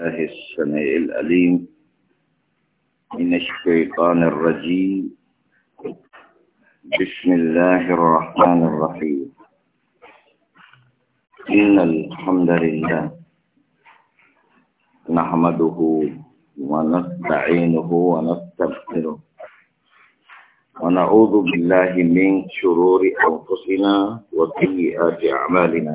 الله السميع الأليم من الشيطان الرجيم بسم الله الرحمن الرحيم إن الحمد لله نحمده ونستعينه ونستغفره ونعوذ بالله من شرور أنفسنا وسيئات أعمالنا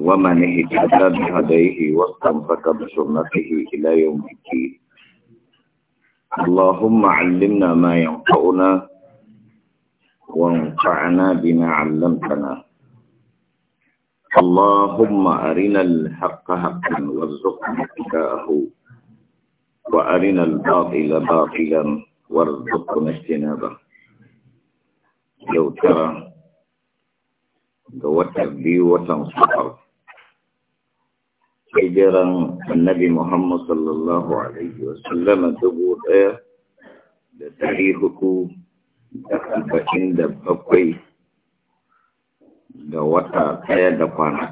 ومن اهتدى بهديه واستنفق بسنته إلى يوم الدين اللهم علمنا ما ينفعنا وانفعنا بما علمتنا اللهم أرنا الحق حقا وارزقنا اتباعه وأرنا الباطل باطلا وارزقنا اجتنابه لو ترى قوة بي وتنصحك hijiran annabi Muhammad sallallahu Alaihi wasallam dubu ɗaya da dari hudu da arba'in da bakwai da wata ɗaya da kwana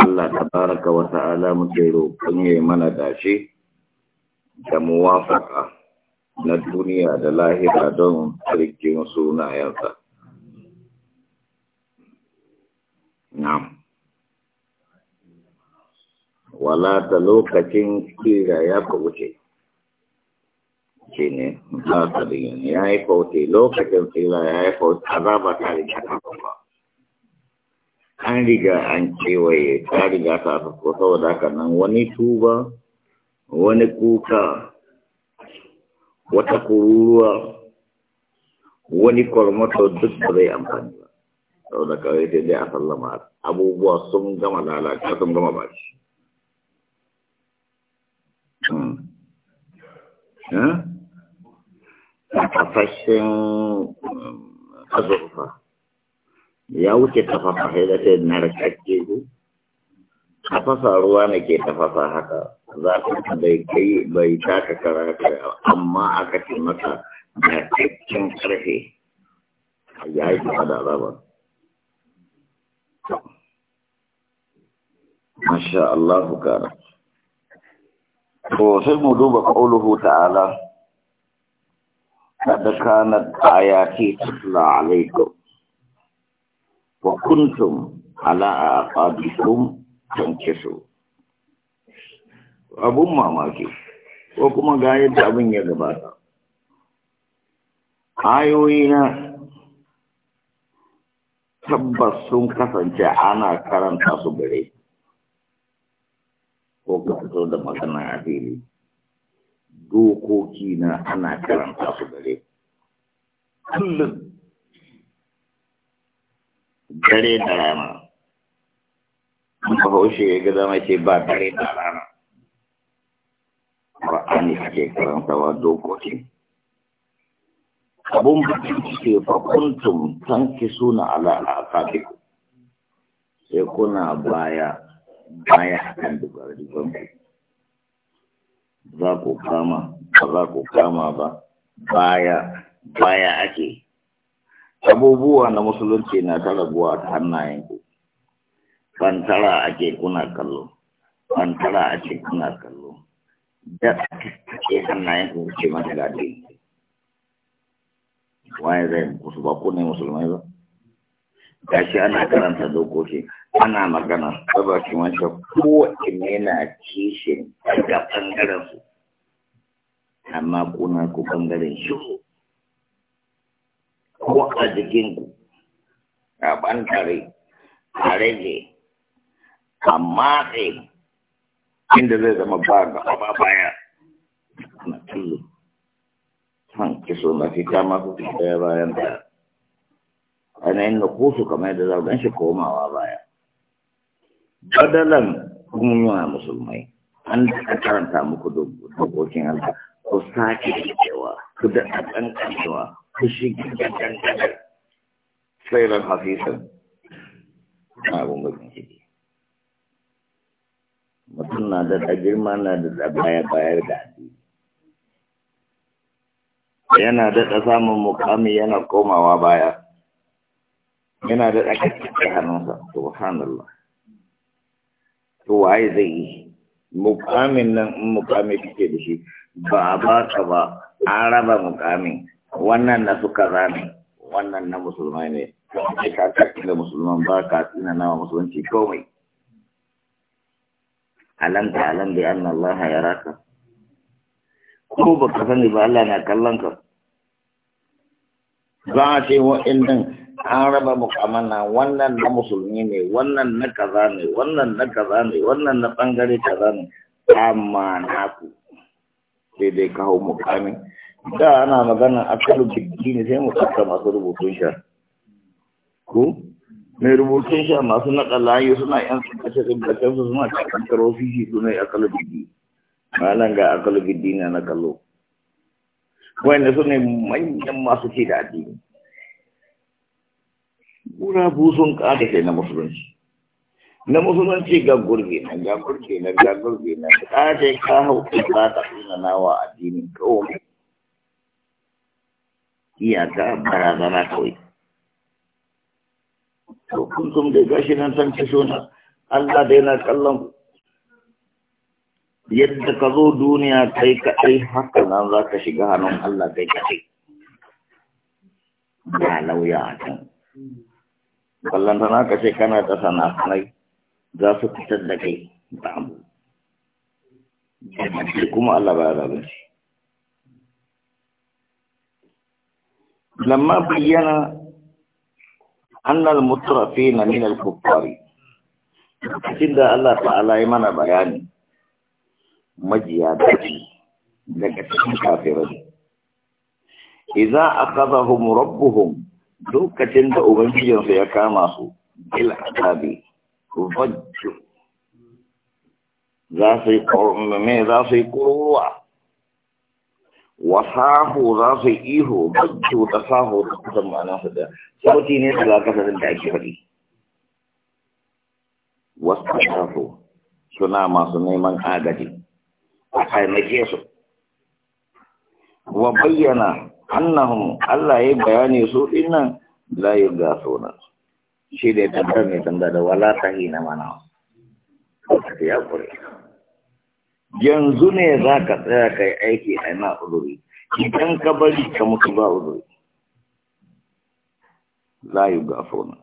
Allah ta baraka wa ta'ala muke roƙon ya mana dace da muwafaka na duniya da lahira don tsarkin sunayensa. Na'am. wala ta lokacin kira ya kubuce shi ne ba ta ya yi kauti lokacin kira ya yi kauti azaba ta riga ta ba an riga an kewaye ta riga ta ko saboda ka nan wani tuba wani kuka wata kururuwa wani kwarmato duk da zai amfani ba saboda kawai sai dai a sallama abubuwa sun gama lalata sun gama shi tafashin azurfa ya wuce tafafa sai da sai rikakke ku tafasa ruwa na ke tafasa haka za ka bai kai bai taka kara amma aka ce maka cikin karfe ya yi kuma da azaba masha Allah kana to sai mu duba qauluhu ta'ala a kanat ayati tutla alaikum wa kuntum ala aqabikum tankisu abun mamaki ko kuma ga yadda abin ya gabata ayoyi na tabbas sun kasance ana karanta su gare ko ka fito da magana a dokoki na ana karanta su gare kullum dare da rana an haushe ya gada mai ce ba dare da rana ƙar'ani ake karantawa dokoki abun bakin ce fa tanki suna ala sai kuna baya baya akan dubardubar za ku kama ba za ku kama ba baya baya ake abubuwa na musulunci na ta rabuwa ta hannayenku fantara ake kuna kallo fantara ake kuna kallo da ake hannayenku ce mata gadi waye zai kusa ba ku ne musulmai ba gashi ana karanta dokoki ana magana ta bakin wancan kowace yana kishin daga ɓangaren su amma kuna ku ɓangaren shi ko a jikinku a ɓantare a rage a matse inda zai zama ba gaba ba baya na tullu man kiso na fita ma ku fita bayan da ainihin na kusu kamar yadda za ku gan shi komawa baya badalan kuma musulmai an da karanta muku dokokin Allah ku sake cewa ku da ɗan ƙanewa ku shige da sai tsairar hafisan na abin bakin ciki mutum na da girma na da tsabaya bayar da addini yana daɗa samun mukami yana komawa baya yana daɗa kakkace hannunsa subhanallah to waye zai yi mukamin nan in mukami kike da shi ba a ka ba an raba mukamin wannan na suka zane wannan na musulmai ne kai ka da musulman ba ka tsina nawa musulunci komai alam ta alam bi anna Allah ya raka ko ba ka sani ba Allah na kallon ka za a ce nan? an raba mukamana wannan na musulmi ne wannan na kaza ne wannan na kaza ne wannan na bangare kaza ne amma na ku sai dai kawo mukamin da ana magana akalu biggi ne sai mu tsaka masu rubutun sha ku mai rubutun sha masu naƙalaye suna yan tsakace tsakacen su suna karofi ofishi suna akalu biggi malan ga akalu biggi na na kallo wanda su ne manyan masu ce da addini gura busun sai na musulunci na musulunci ga gurbi na ga gurbi na ga gurbi na ce ka hau ba ta suna nawa addinin kawai oh. iyaka barazana kawai to kuntum dai gashi nan san ki suna Allah da yana kallon yadda ka zo duniya kai kaɗai haka nan za ka shiga hannun Allah kai kaɗai ba lauya a can بلندنا کسی کنا kana da sana'arai za su fitar da kai da abu لما بين أن المترفين من الكفار عند الله تعالى من بيان مجيادتي لك كافرين إذا أخذهم ربهم lokacin da ubangijinsu ya kama su bil azabi fajju za su yi me za su yi kuruwa wasahu za su yi ihu fajju da sahu da kusan ma'anar su da sauti ne su za kasarin da ake faɗi wasu suna masu neman agaji a taimake su wa bayyana annahum Allah ya bayani su dinnan la yugasuna shi da tantar ne tanda da wala na mana ya kure yanzu ne za ka tsaya ka yi aiki a na uzuri idan ka bari ka mutu ba uzuri la yugasuna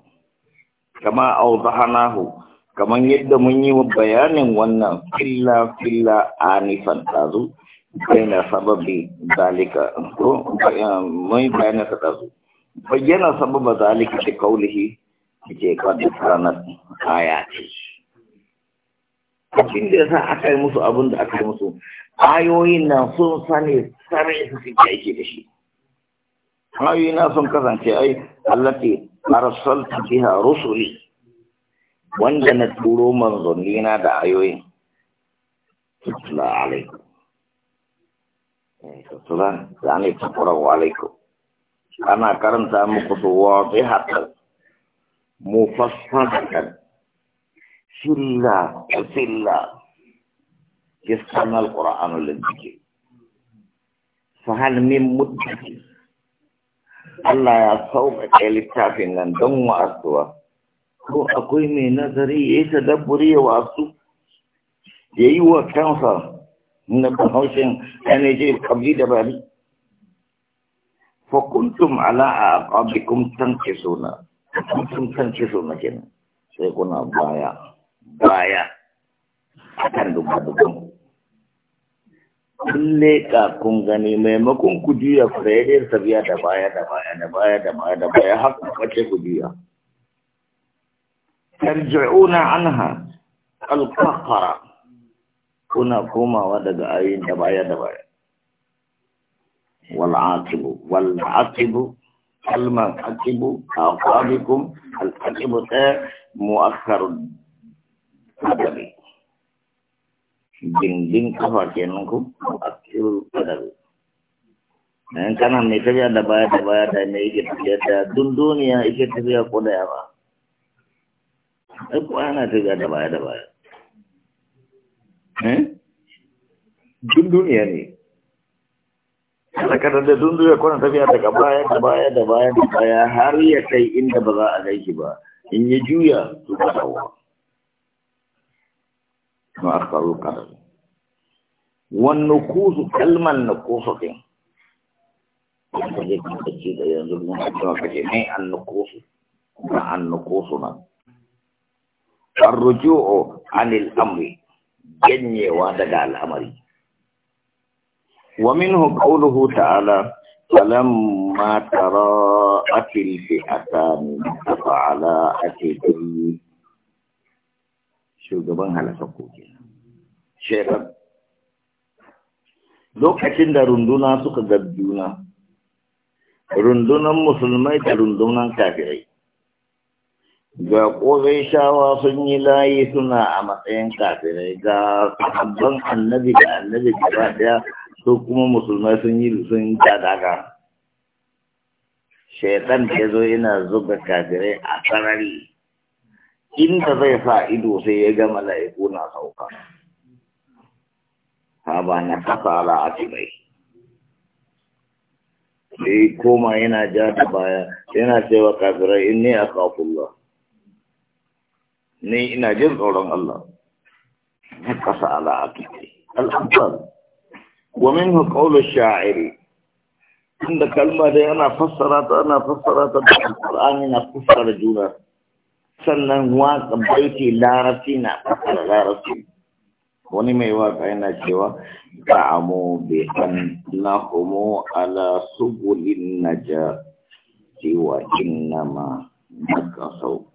kama auzahanahu kaman yadda mun yi bayanin wannan filla filla anifan tazu yana sababi zalika ko mai bayani ta zalika bayyana sababa zalika ta kaulihi ke kwanta tsarana kaya ce cikin da yasa aka yi musu abin da aka yi musu ayoyin nan sun sani sarai su suke aiki da shi ayoyin na sun kasance ai allati arsalta biha rusuli wanda na turo manzonni na da ayoyin tutla alaikum itulah langit sepura waliku. Karena karen samu kutu wati Mu Mufasadakan. Sila, sila. Kisana quran al-Lindiki. mimut. Allah ya sawba kailik syafin dan dungwa astuwa. Ko akwai mai nazari, isa eh, daburi ya wa astu. Yaiwa kansa. na bahaushen yana ce kabli da bari fa kuntum ala aqabikum tankisuna kuntum tankisuna kenan sai kuna baya baya akan dubba-dubban kun ka kun gani maimakon ku juya firayen tafiya da baya da baya da baya da baya da baya haka kwace ku juya tarji'una anha alqaqara kuna komawa daga ayoyin da baya da baya wal aqibu wal aqibu kalman aqibu aqabikum al aqibu ta muakhkharun adabi dinding kafa kenan ku muakhkharul adabi dan kana mai tafiya da baya da baya da ne yake tafiya da dun duniya yake tafiya ko da yawa ai ko ana tafiya da baya da baya Eh? Dunduniya duniya ne sakatar da duniya kwanan tafiya daga baya da baya da baya da baya har ya kai inda ba za a gaiki ba in ya juya su ba Kuma a faru kadar wannan kusu kalman na kusa din wanda ya kanta ce da yanzu a hajjawa kashe mai an na kusu ba an na kusu nan الرجوع عن amri. Ganyewa daga al'amari wa minhu qawluhu ta'ala فلما تراءت الفئتان ake أكيد shugaban halaka koke shekar lokacin da runduna suka gabduna, juna rundunan musulmai da rundunan kafirai ga shawa sun yi layi suna a matsayin kafirai ga sahabban annabi da annabi gaba daya su kuma musulmai sun yi sun daga shaitan ya zo yana zuga kafirai a sarari inda zai sa ido sai ya gama mala'iku na sauka ha ba na kasala a cibai sai koma yana ja da baya yana cewa kafirai in ne a Allah ni ina jin tsoron Allah na kasa ala akiki al'amfar wa minhu qawlu sha'iri Inda kalma da ana fassara ta ana fassara ta da alqur'ani na fassara juna sannan waka baiti larabci na fassara larabci wani mai waka yana cewa bai ta'amu na homo ala subulin najati wa innama nakasau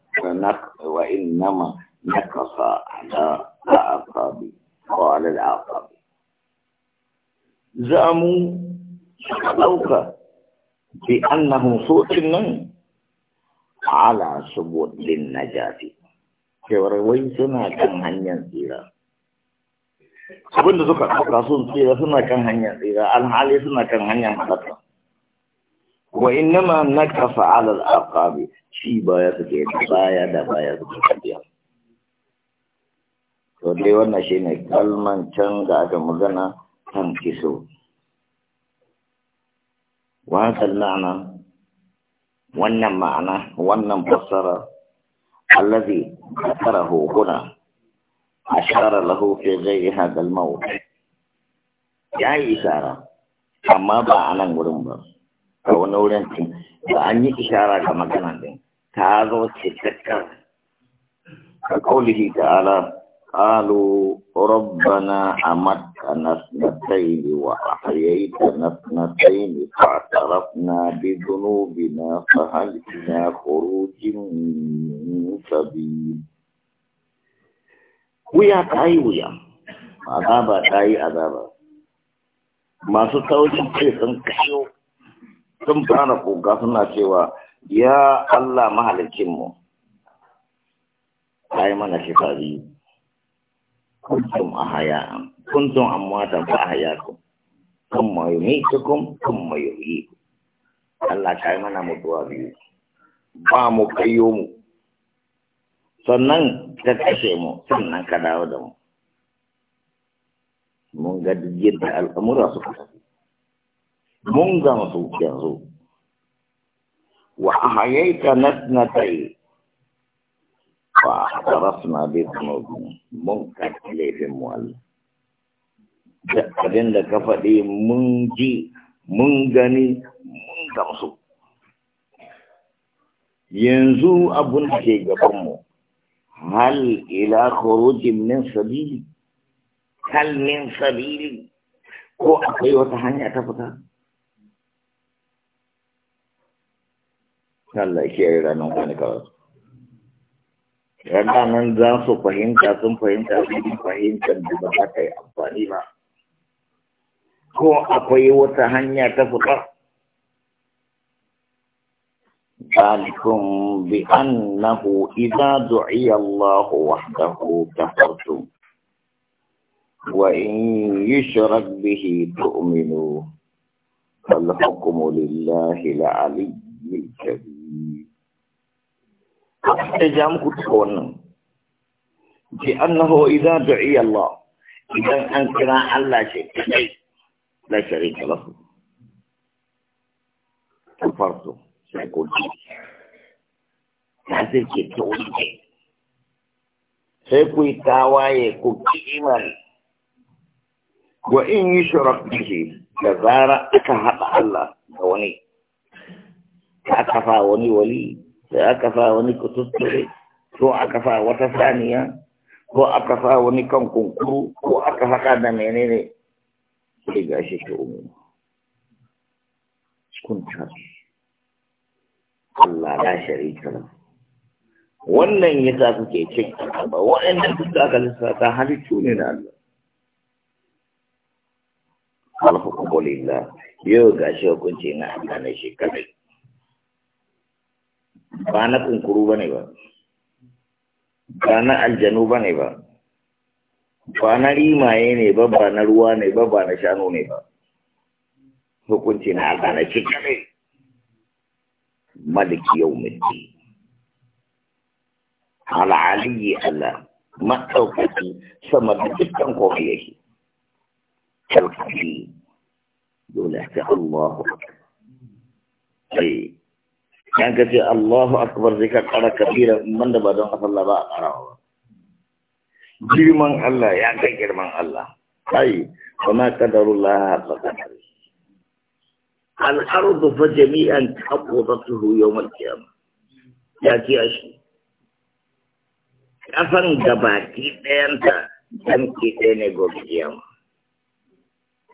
وإنما نقص على الأعقاب وعلى الأعقاب زعموا سكتوك بأنهم صوت من على ثبوت للنجاة cewar wai suna kan hanyar tsira abin da suka ɗauka sun tsira suna kan hanyar tsira alhali suna kan hanyar halaka wa innama nakafa alal aqabi ci ya suke da baya da baya suke tafiya to dai wannan shi ne kalman can da aka magana kan kiso wasan ma'ana wannan ma'ana wannan fassara allazi zakarahu hukuna, a lahu fi zai yi al-mawt ya yi isara amma ba a nan wurin ba a wani wurin da an yi isara ga maganan din Ta zauce shakkar. Ka tauli Hidara. Kano, robbana a mat kanas na kai ne, wa akayi kanas na kai ne, fa a tsara suna bikin Obinna ba haɗin suna jin mu Wuya ta yi wuya. A da ta yi a da Masu tsawon ƙarfin kano sun fara ƙoƙar suna cewa. ya Allah mahalicinmu yi mana shekaru kuntum ahaya'an kuntum amwatan fa ahyaakum thumma yumeetukum mayu yuhyikum Allah yi mana mutuwa biyu ba mu kayo mu sannan ka kashe mu sannan ka dawo da mu mun ga yadda al'amura suka tafi mun ga masu yanzu وأحييت نتنتي فاعترفنا بذنوبنا منكر في مولى abin da ka faɗi mun ji mun gani mun gamsu yanzu abun da ke gabanmu hal ila khurujin min sabili hal sabili ko akayi wata hanya ta fita Allah shi yi ranar wani kawai ranar nan za su fahimta sun fahimta sun yi fahimtar da ba za ka yi amfani ba ko akwai wata hanya ta fitar ذلكم بأنه إذا دعي الله وحده كفرتم وإن يشرك به تؤمنوا فالحكم لله العلي jadi apa jam kutukon di anahu ida dari Allah ida angkara Allah sekali lah cari kalau kufartu saya kunci hasil kita kunci saya kui tawai kunci iman wa ingi syurak bihi Jazara akahat Allah Tawani aka fa wani wali sai aka fa wani kututture ko aka fa wata saniya ko aka fa wani kan kunkuru ko aka haka da menene sai ga shi ke umu kun tashi Allah la sharika lahu wannan yasa kuke cin ba waɗanda duk da aka lissafa halittu ne na Allah alhukumu lillah yau shi hukunci na Allah ne shi kadai ba na kunkuru ba ne ba ba na aljanu ba ne ba ba na rimaye ne ba ba na ruwa ne ba ba na shanu ne ba hukunci na Allah na cika ne maliki yau mutu al'aliyyi Allah maɗaukaki sama da dukkan komai yake kalkafi dole ta Allah ai yan kace Allahu akbar zai ka kara kabira da ba don Allah ba a karawa girman Allah ya kai girman Allah ai kuma kadarullah ba qadari al-ardu fa jami'an qabdatuhu yawm al-qiyamah ya ce shi kasan gabaki dayanta dan ki ɗaya ne gobe kiyama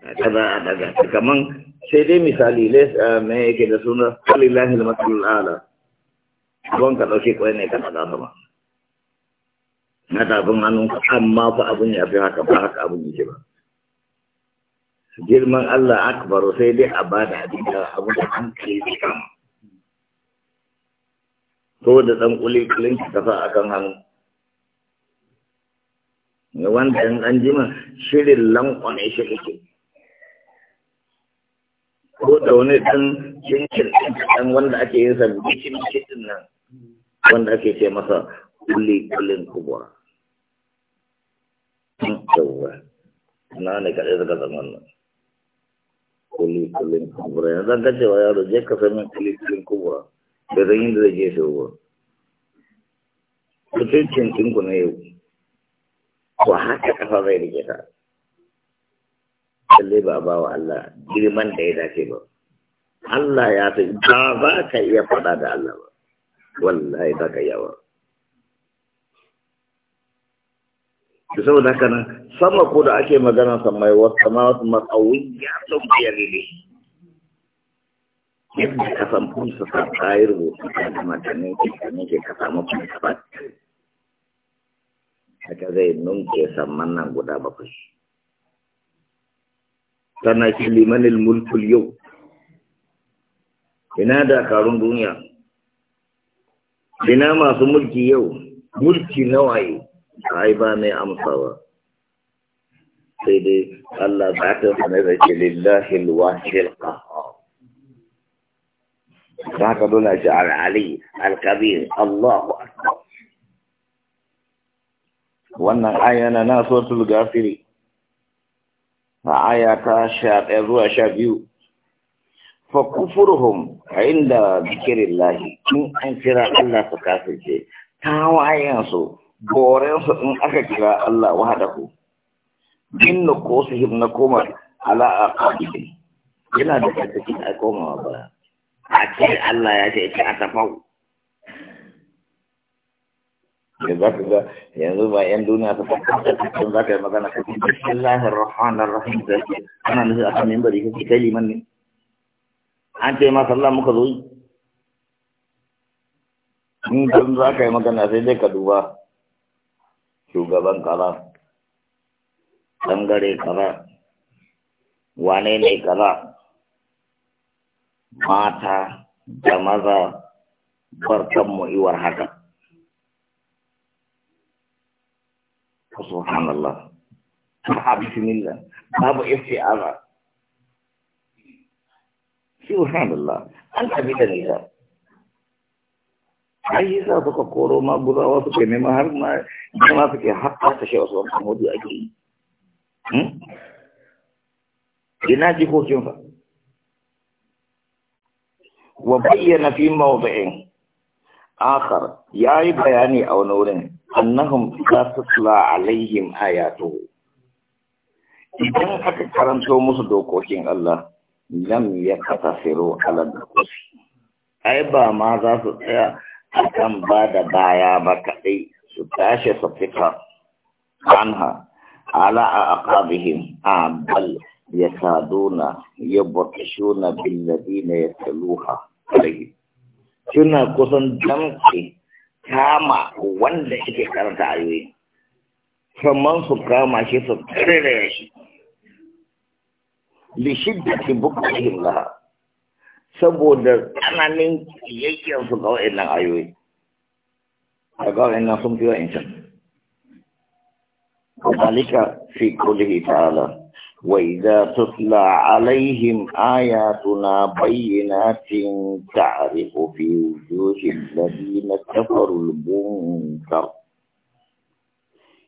da a daga kaman sai dai misali eh, me yake da suna kalilahi da matsalul ala don ka dauke kwai ne kana da sama na bun anun amma fa abun ya fi haka ba haka abun yake ba girman Allah akbar sai dai a bada abun da an kai hankali da kama to da ɗan kuli kulin ka fa akan hannu wanda in an jima shirin lankwane shi kake ko da wani ɗan yankin ɗan wanda ake yin sa bikin bikin nan wanda ake ce masa kulli kullin kubwa yawwa na ne kaɗai daga zaman nan kulli kullin kubwa yanzu an kace wa yaro je ka sami kulli kullin kubwa da zan yin da zai je su ba mutuncin ɗinku na yau ko haka kafa zai rike ta lallai ba ba wa Allah girman da ya dace ba Allah ya fi ba ba ka iya faɗa da Allah ba wallahi ba ka yawa da sau haka nan sama ko da ake magana samai wasu ma wasu matsawiyya sun biyar ne yadda ka san fulsa sa ta yi rubutu ta da matanin ke ka samu fulsa ba haka zai nunke samman nan guda bakwai sannan shi limanin mulkul yau ina dakarun duniya ina masu mulki yau mulki nawa yi ai ba mai amsawa sai dai Allah ba ta sanar da ke lillahi alwahil qahhar za ka dole shi al'ali ali al-kabir Allahu akbar wannan ayana na suratul ghafiri aya ta sha ɗaya zuwa sha biyu fa kufurhum inda lahi tun an kira Allah su ta tawayensu gorensu in aka kira Allah ku din na ko su na koma ala a yana da cikin a koma ba a ce Allah ya ce ita a tafau da ga yanzu ba yan duniya ta tabbata cikin za ka yi magana ka cikin bismillahir rahmanir rahim da ke ana nufi a kan mimbari kake kai liman ne an ce ma sallah muka zo yi in kan za ka yi magana sai dai ka duba shugaban kaza bangare kaza wane ne kaza mata da maza barkanmu iwar haka سبحان الله بسم الله باب استعاذة سبحان الله أنت بدن إذا أي إذا تقول كورو ما بدأ وقتك ممهر ما ما فيك حق تشيء وصل مودي أجي جناجي خوشين وبين في موضع آخر يا بياني أو نورين annahum la tutla alaihim ayatuhu idan aka karanto musu dokokin Allah lam yakatasiru ala dukusi ai ba ma za su tsaya akan ba da baya ba kadai su tashi su fita anha ala aqabihim a bal yasaduna yabtashuna bil ladina yatluha alaihim suna kusan damke kama wanda suke karanta ayoyi kamar su kama shi su tsirraya shi li shiddati bukatihim laha saboda tsananin kiyayyar su ga wa'in nan ayoyi a ga wa'in nan sun fi wa'in can. wa'ancan fi في قوله تعالى وَإِذَا تُتْلَى عَلَيْهِمْ آيَاتُنَا بَيِّنَاتٍ تَعْرِفُ فِي وُجُوهِ الَّذِينَ كَفَرُوا الْمُنكَرَ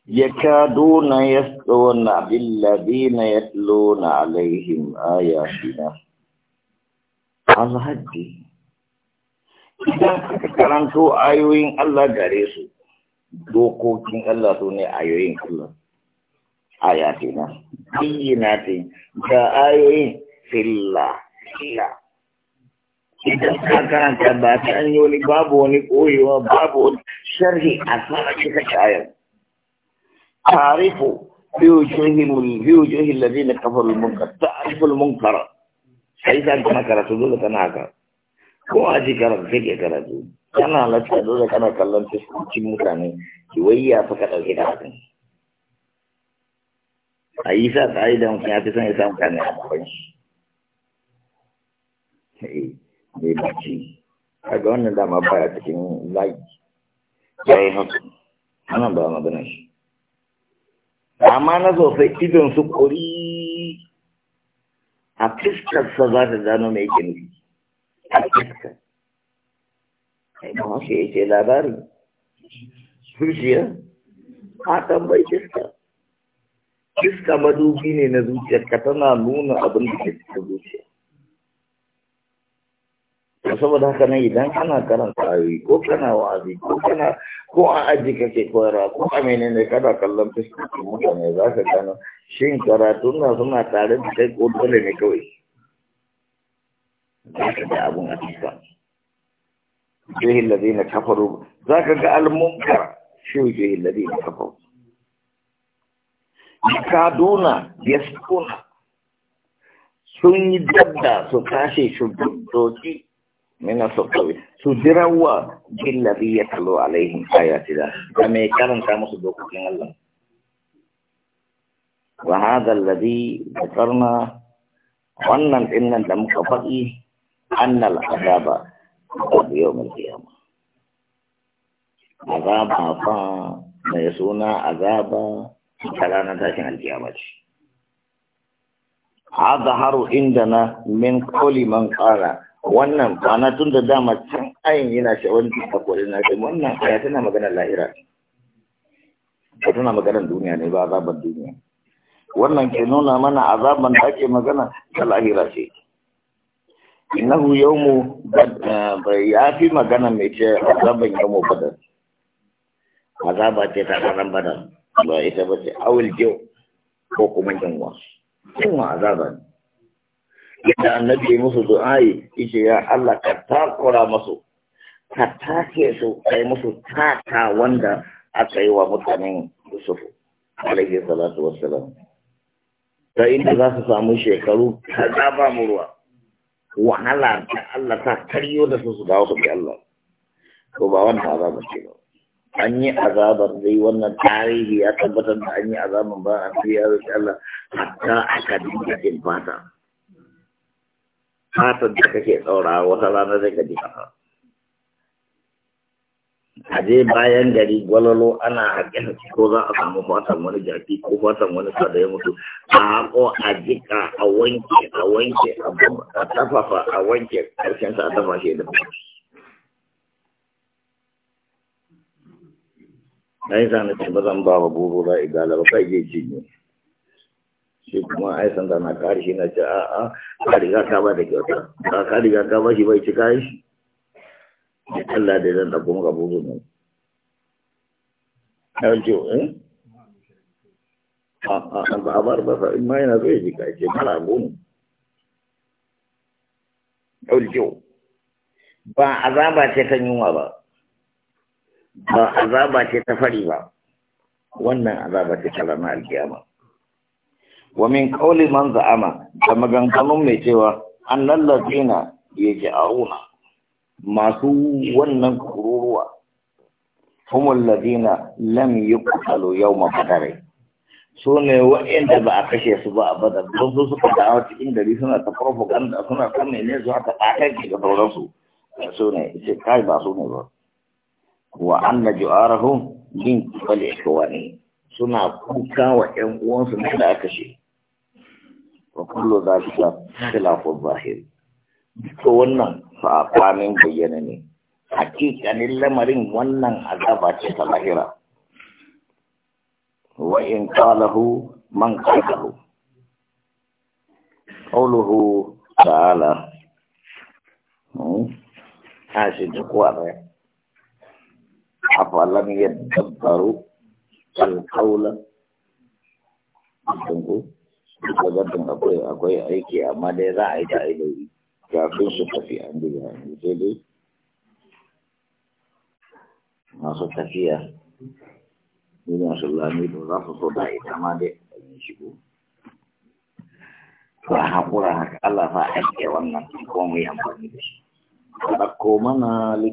يَكَادُونَ يَسْتَوُونَ بِالَّذِينَ يَتْلُونَ عَلَيْهِمْ آيَاتِنَا الحج إِذَا ka karanto ayoyin Allah gare اللَّهُ dokokin Allah su ayatina bayyinatin ga ayoyi filla filla idan ka karanta ba ta an yi wani babu wani koyewa babu wani sharhi a sana cika shayar tarifu biwujuhin lazi na kafar munkar ta'ariful munkar sai ta kana karatu dole kana haka ko a ji karatu sai ke karatu kana halatta dole kana kallon fuskokin mutane ki wayya fa ka ɗauki da hakan a yi sa tsaye da mutum ya fi son ya samu kane a bakon shi mai bacci kaga wannan dama baya cikin layi ya yi haka ana ba magana shi amma na sai idon su kori. a sa za ta zano mai yake a fiskar sai ba wasu ya ce labari zuciya a tambayi fiskar iska madubi ne na zuciyarka tana nuna abin da ke cikin zuciya ba saboda haka nan idan kana karanta ayoyi ko kana wa'azi ko kana ko a aji kake koyarwa ko a menene kana kallon fuskokin mutane za ka gano shin karatun na suna tare da kai ko dole ne kawai za ka ga abun a cikin jihin ladina kafaru za ka ga almunkar shi jihin ladina kafaru kaduna ya suna sun yi dabda su kashe shugaboki mina su kawai su jirawa jillabi ya talo alaihim ayati da da mai karanta musu dokokin Allah wa hadha alladhi dhakarna wannan dinnan da muka faɗi annal azaba yawm al-qiyamah azaba fa mai suna azaba kalanan ranar tashin alkiyama ce haru inda na min koli man kara wannan na tun da dama can ayin yana shawar da kwakwari na kai wannan aya tana magana lahira ba tana maganar duniya ne ba azabar duniya wannan ke nuna mana azaban da ake magana ta lahira ce innahu mu eh, ya fi magana mai ce azaban mu badar azaba ce ta karan badar ba ita ba ce awul jiyo ko kuma yunwa yunwa azaba ne yadda annabi musu du'a'i ishe ya Allah ka takura musu ka take su kai musu taka wanda aka yi wa mutanen Yusuf alaihi salatu wassalam ta inda za su samu shekaru ta zaba mu ruwa wahala ta Allah ta karyo da su su dawo su bi Allah Ko ba wannan azaba ce ba an yi azabar dai wannan tarihi ya tabbatar da an yi azabar ba a fiye da Allah hatta aka dinga jin fata Fata da kake tsaura wata rana zai ka jika. a je bayan gari gwalolo ana haƙin ko za a samu fatan wani jafi ko fatan wani sa da ya mutu a haƙo a jika a wanke a wanke a tafafa a wanke karshen sa a tafa da fashi na yi sani ce ba zan ba wa burura igala ba kai zai cinye shi kuma ai sanda na kare shi na ce a a ka riga ka ba da kyauta ba ka riga ka ba shi bai ci kayan shi Allah da zan ɗauko maka buru ne ɗan ce eh a ba a bar ba sa in ma yana so ya ji kayan ce mara goma ɗan ce ba azaba ce ta yunwa ba ba azaba ce ta fari ba wannan azaba ce ta ranar alkiyama wa min qawli man za'ama da maganganun mai cewa annal ladina auna" masu wannan kururuwa humul ladina lam yuqtalu yawma badr su ne wa'inda ba a kashe su ba a badar don su suka dawo cikin gari suna ta propaganda suna kan ne su haka ɓatar ke da sauransu su ne sai kai ba su ne ba wa anna ju'arahum min qabli ikhwani suna kuka wa ƴan uwansu ne da aka shi wa kullu zalika khilafu zahir to wannan sabanin bayyana ne hakikanin lamarin wannan azaba ce ta lahira wa in qalahu man qalahu qawluhu ta'ala hmm a shi duk wa afalam yadabbaru alqaula tunggu daga tun akwai akwai aiki amma dai za a yi da aiki kafin su tafi an duba sai dai masu tafiya ni masu lami to za su so da ita ma dai a yi shigo ba haƙura haka Allah fa aike wannan kuma mu yi amfani da shi. Ɗauko mana